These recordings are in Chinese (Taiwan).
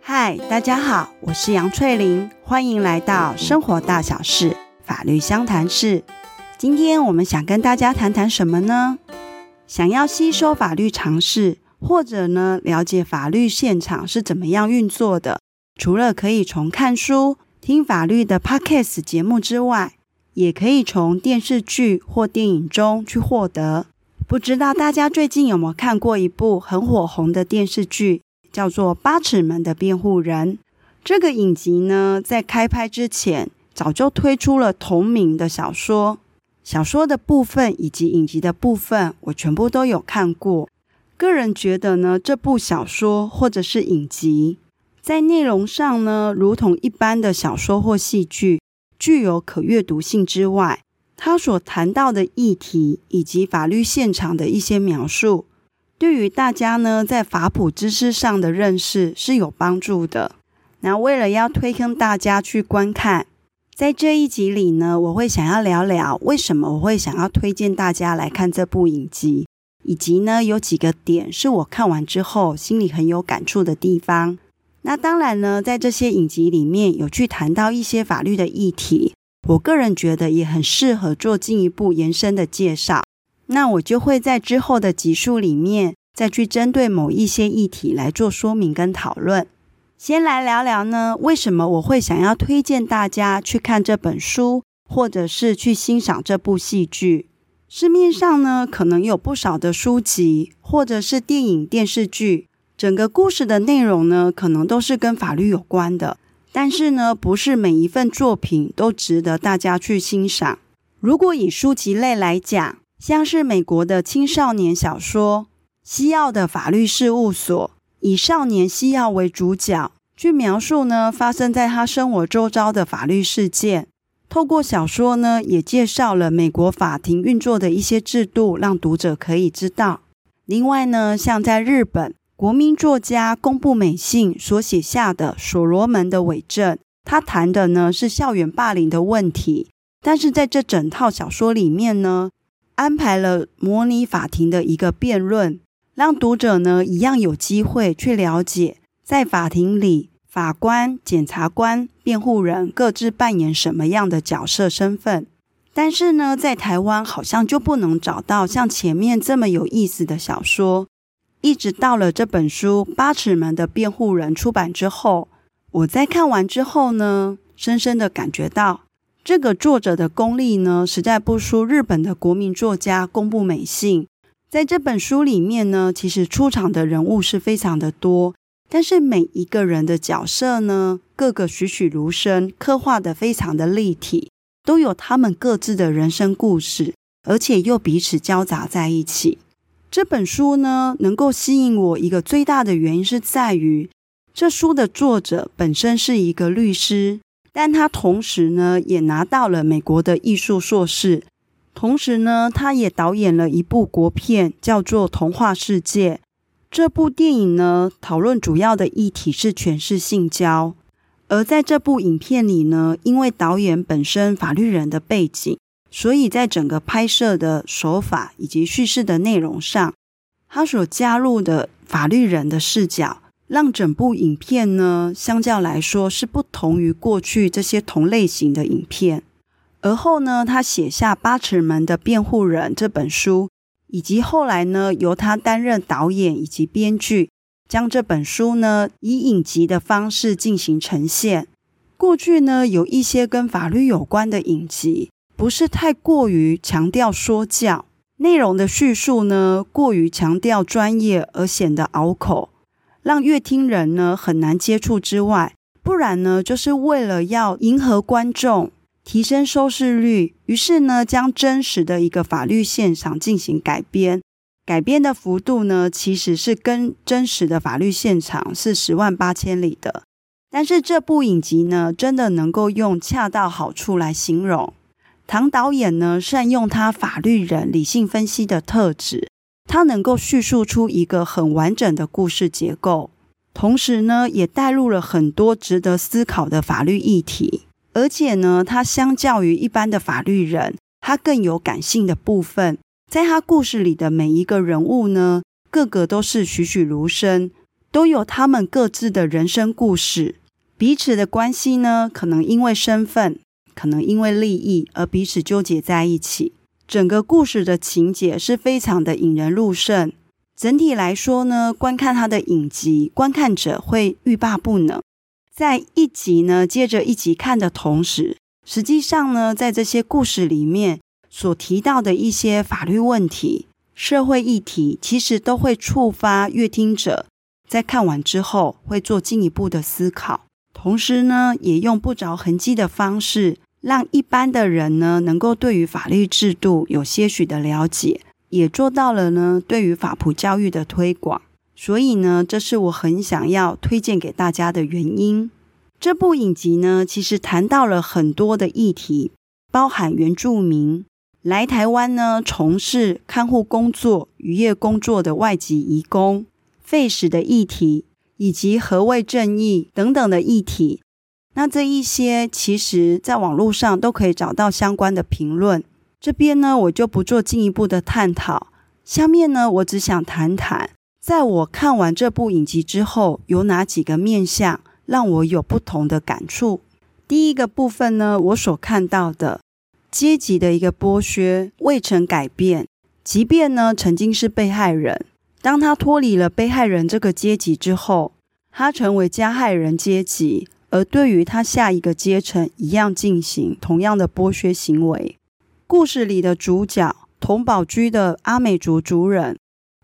嗨，Hi, 大家好，我是楊翠玲，歡迎來到生活大小事法律相談室。今天我們想跟大家談談什麼呢？想要吸收法律常識，或者呢了解法律現場是怎麼樣運作的，除了可以從看書、聽法律的 podcast 節目之外。也可以從電視劇或電影中去獲得。不知道大家最近有沒有看過一部很火紅的電視劇，叫做《八尺門的辯護人》。這個影集呢，在開拍之前，早就推出了同名的小說。小說的部分以及影集的部分，我全部都有看過。個人覺得呢，這部小說或者是影集，在內容上呢，如同一般的小說或戲劇，具有可閱讀性之外，他所談到的議題以及法律現場的一些描述，對於大家呢在法普知識上的認識是有幫助的。那為了要推坑大家去觀看，在這一集裡呢，我會想要聊聊為什麼我會想要推薦大家來看這部影集，以及呢有幾個點是我看完之後心裡很有感觸的地方。那當然呢，在這些影集裡面有去談到一些法律的議題，我個人覺得也很適合做進一步延伸的介紹。那我就會在之後的集數裡面再去針對某一些議題來做說明跟討論。先來聊聊呢，為什麼我會想要推薦大家去看這本書，或者是去欣賞這部戲劇？市面上呢，可能有不少的書籍，或者是電影電視劇。整個故事的內容呢，可能都是跟法律有關的，但是呢，不是每一份作品都值得大家去欣賞。如果以書籍類來講，像是美國的青少年小說《西奧的法律事務所》，以少年西奧為主角，據描述呢，發生在他生活周遭的法律事件，透過小說呢，也介紹了美國法庭運作的一些制度，讓讀者可以知道。另外呢，像在日本。國民作家宮部美幸所寫下的《所羅門的偽證》，他談的呢是校園霸凌的問題，但是在這整套小說裡面呢，安排了模擬法庭的一個辯論，讓讀者呢一樣有機會去了解，在法庭裡，法官、檢察官、辯護人各自扮演什麼樣的角色身份。但是呢，在台灣好像就不能找到像前面這麼有意思的小說。一直到了這本書《八尺門的辯護人》出版之後，我在看完之後呢，深深的感覺到這個作者的功力呢，實在不輸日本的國民作家宮部美幸。在這本書裡面呢，其實出場的人物是非常的多，但是每一個人的角色呢，各個栩栩如生，刻畫的非常的立體，都有他們各自的人生故事，而且又彼此交雜在一起。這本書呢，能夠吸引我一個最大的原因是在於，這書的作者本身是一個律師，但他同時呢，也拿到了美國的藝術碩士，同時呢，他也導演了一部國片，叫做《童話世界》。這部電影呢，討論主要的議題是權勢性交，而在這部影片裡呢，因為導演本身法律人的背景。所以在整個拍攝的手法以及敘事的內容上，他所加入的法律人的視角，讓整部影片呢，相較來說是不同於過去這些同類型的影片。而後呢，他寫下《八尺門的辯護人》這本書，以及後來呢，由他擔任導演以及編劇，將這本書呢以影集的方式進行呈現。過去呢，有一些跟法律有關的影集。不是太過於強調說教內容的敘述呢，過於強調專業而顯得拗口，讓閱聽人呢很難接觸之外，不然呢就是為了要迎合觀眾，提升收視率，於是呢將真實的一個法律現場進行改編，改編的幅度呢其實是跟真實的法律現場是十萬八千里的，但是這部影集呢真的能夠用恰到好處來形容。唐導演呢，善用他法律人理性分析的特質，他能夠敘述出一個很完整的故事結構，同時呢，也帶入了很多值得思考的法律議題。而且呢，他相較於一般的法律人，他更有感性的部分。在他故事裡的每一個人物呢，個個都是栩栩如生，都有他們各自的人生故事，彼此的關係呢，可能因為身份。可能因為利益而彼此糾結在一起。整個故事的情節是非常的引人入勝。整體來說呢，觀看他的影集，觀看者會欲罷不能。在一集呢接着一集看的同時，實際上呢，在這些故事裡面所提到的一些法律問題、社會議題，其實都會觸發閱聽者在看完之後會做進一步的思考。同時呢，也用不着痕迹的方式，讓一般的人呢，能夠對於法律制度有些許的了解，也做到了呢，對於法普教育的推廣，所以呢，這是我很想要推薦給大家的原因。這部影集呢，其實談到了很多的議題，包含原住民來台灣呢從事看護工作、漁業工作的外籍移工、廢死的議題，以及何謂正義等等的議題。那這一些，其實在網絡上都可以找到相關的評論。這邊呢，我就不做進一步的探討。下面呢，我只想談談，在我看完這部影集之後，有哪幾個面向讓我有不同的感觸。第一個部分呢，我所看到的階級的一個剝削未曾改變。即便呢，曾經是被害人，當他脫離了被害人這個階級之後，他成為加害人階級。而對於他下一個階層一樣進行同樣的剝削行為。故事裡的主角佟寶駒的阿美族族人，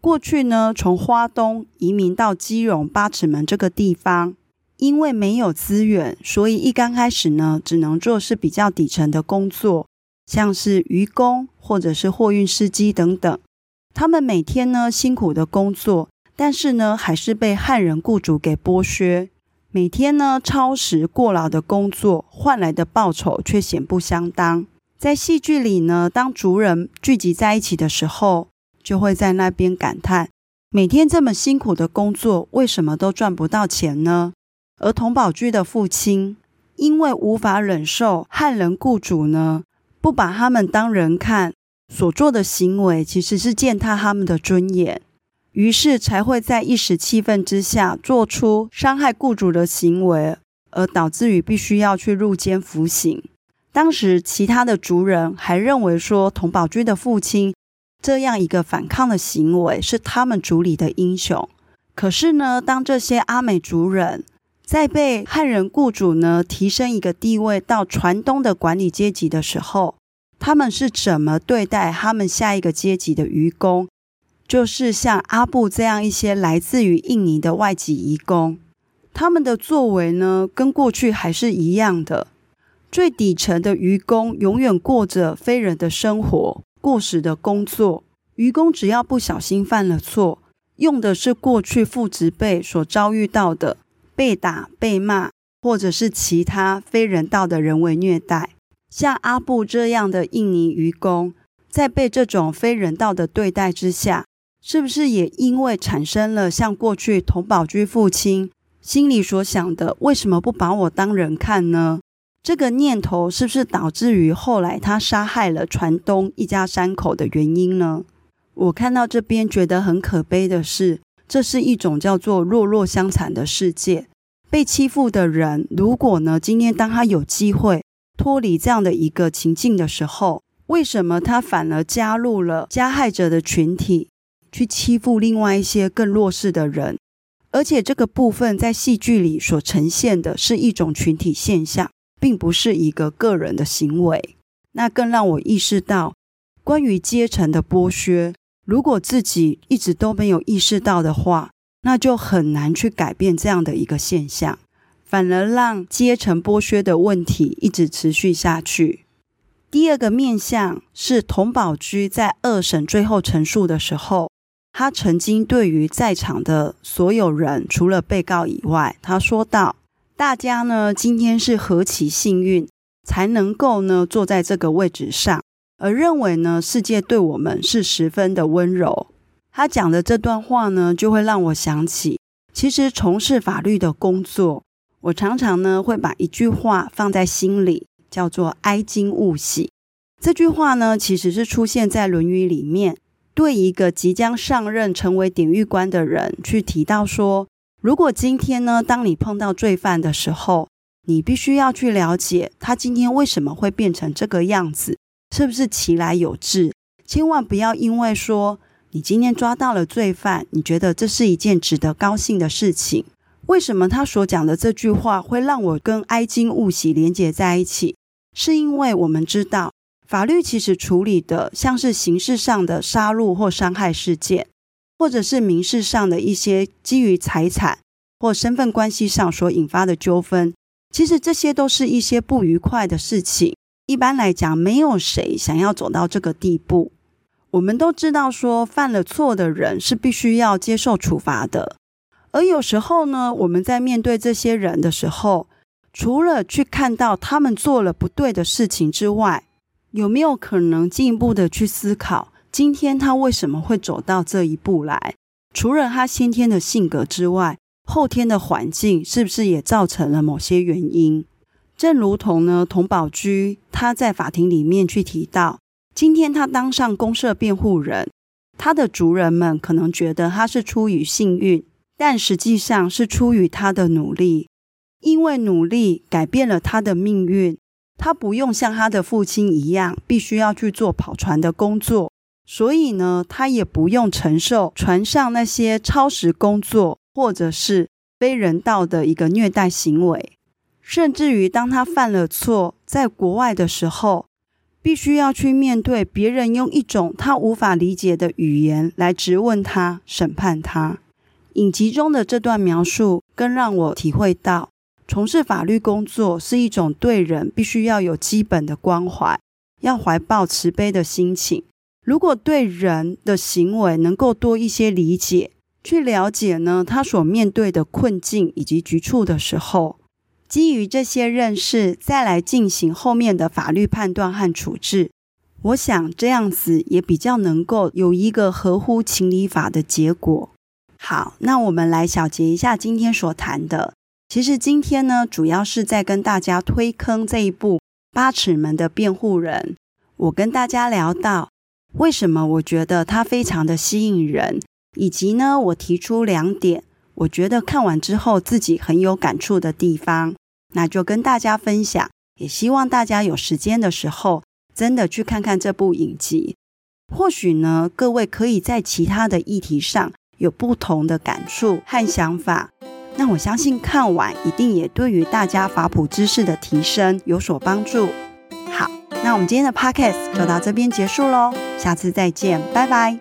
過去呢，從花東移民到基隆八尺門這個地方，因為沒有資源，所以一剛開始呢只能做是比較底層的工作，像是漁工或者是貨運司機等等。他們每天呢辛苦的工作，但是呢還是被漢人雇主給剝削。每天呢，超時過勞的工作換來的報酬卻顯不相當。在戲劇裡呢，當族人聚集在一起的時候，就會在那邊感嘆：每天這麼辛苦的工作，為什麼都賺不到錢呢？而佟寶駒的父親，因為無法忍受漢人雇主呢，不把他們當人看，所做的行為其實是踐踏他們的尊嚴。於是才會在一時氣憤之下做出傷害雇主的行為，而導致於必須要去入監服刑。當時其他的族人還認為說，佟寶駒的父親這樣一個反抗的行為是他們族裡的英雄。可是呢，當這些阿美族人在被漢人雇主呢提升，一個地位到船東的管理階級的時候，他們是怎麼對待他們下一個階級的漁工？就是像阿布這樣一些來自於印尼的外籍漁工，他們的作為呢，跟過去還是一樣的。最底層的漁工永遠過着非人的生活，過時的工作。漁工只要不小心犯了錯，用的是過去父執輩所遭遇到的被打、被罵，或者是其他非人道的人為虐待。像阿布這樣的印尼漁工，在被這種非人道的對待之下。是不是也因為產生了像過去佟寶駒父親心裡所想的，為什麼不把我當人看呢？這個念頭是不是導致於後來他殺害了船東一家三口的原因呢？我看到這邊覺得很可悲的是，這是一種叫做弱弱相殘的世界。被欺負的人，如果呢今天當他有機會脫離這樣的一個情境的時候，為什麼他反而加入了加害者的群體？去欺負另外一些更弱勢的人，而且這個部分在戲劇裡所呈現的是一種群體現象，並不是一個個人的行為。那更讓我意識到，關於階層的剝削，如果自己一直都沒有意識到的話，那就很難去改變這樣的一個現象，反而讓階層剝削的問題一直持續下去。第二個面向是佟寶駒在二審最後陳述的時候。他曾經對於在場的所有人，除了被告以外，他說道：“大家呢，今天是何其幸運，才能夠呢坐在這個位置上，而認為呢世界對我們是十分的溫柔。”他講的這段話呢，就會讓我想起，其實從事法律的工作，我常常呢會把一句話放在心裡，叫做“哀矜勿喜”。這句話呢，其實是出現在《論語》裡面。對一個即將上任成為典獄官的人去提到說，如果今天呢，當你碰到罪犯的時候，你必須要去了解他今天為什麼會變成這個樣子，是不是其來有自。千萬不要因為說，你今天抓到了罪犯，你覺得這是一件值得高興的事情。為什麼他所講的這句話會讓我跟哀矜勿喜連結在一起？是因為我們知道。法律其實處理的像是刑事上的殺戮或傷害事件，或者是民事上的一些基於財產或身份關係上所引發的糾紛。其實這些都是一些不愉快的事情。一般來講，沒有誰想要走到這個地步。我們都知道說，說犯了錯的人是必須要接受處罰的。而有時候呢，我們在面對這些人的時候，除了去看到他們做了不對的事情之外，有沒有可能進一步的去思考，今天他為什麼會走到這一步來？除了他先天的性格之外，後天的環境是不是也造成了某些原因？正如同呢，佟寶駒他在法庭裡面去提到，今天他當上公設辯護人，他的族人們可能覺得他是出於幸運，但實際上是出於他的努力，因為努力改變了他的命運。他不用像他的父親一樣，必須要去做跑船的工作，所以呢，他也不用承受船上那些超時工作或者是非人道的一個虐待行為，甚至於當他犯了錯，在國外的時候，必須要去面對別人用一種他無法理解的語言來質問他、審判他。影集中的這段描述，更讓我體會到。從事法律工作是一種對人必須要有基本的關懷，要懷抱慈悲的心情。如果對人的行為能夠多一些理解，去了解呢他所面對的困境以及局促的時候，基於這些認識，再來進行後面的法律判斷和處置，我想這樣子也比較能夠有一個合乎情理法的結果。好，那我們來小結一下今天所談的。其實今天呢，主要是在跟大家推坑這一部《八尺門的辯護人》。我跟大家聊到為什麼我覺得它非常的吸引人，以及呢，我提出兩點，我覺得看完之後自己很有感觸的地方，那就跟大家分享，也希望大家有時間的時候，真的去看看這部影集。或許呢，各位可以在其他的議題上有不同的感觸和想法。那我相信看完一定也對於大家法普知識的提升有所幫助。好，那我們今天的 Podcast 就到這邊結束嘍，下次再見，拜拜。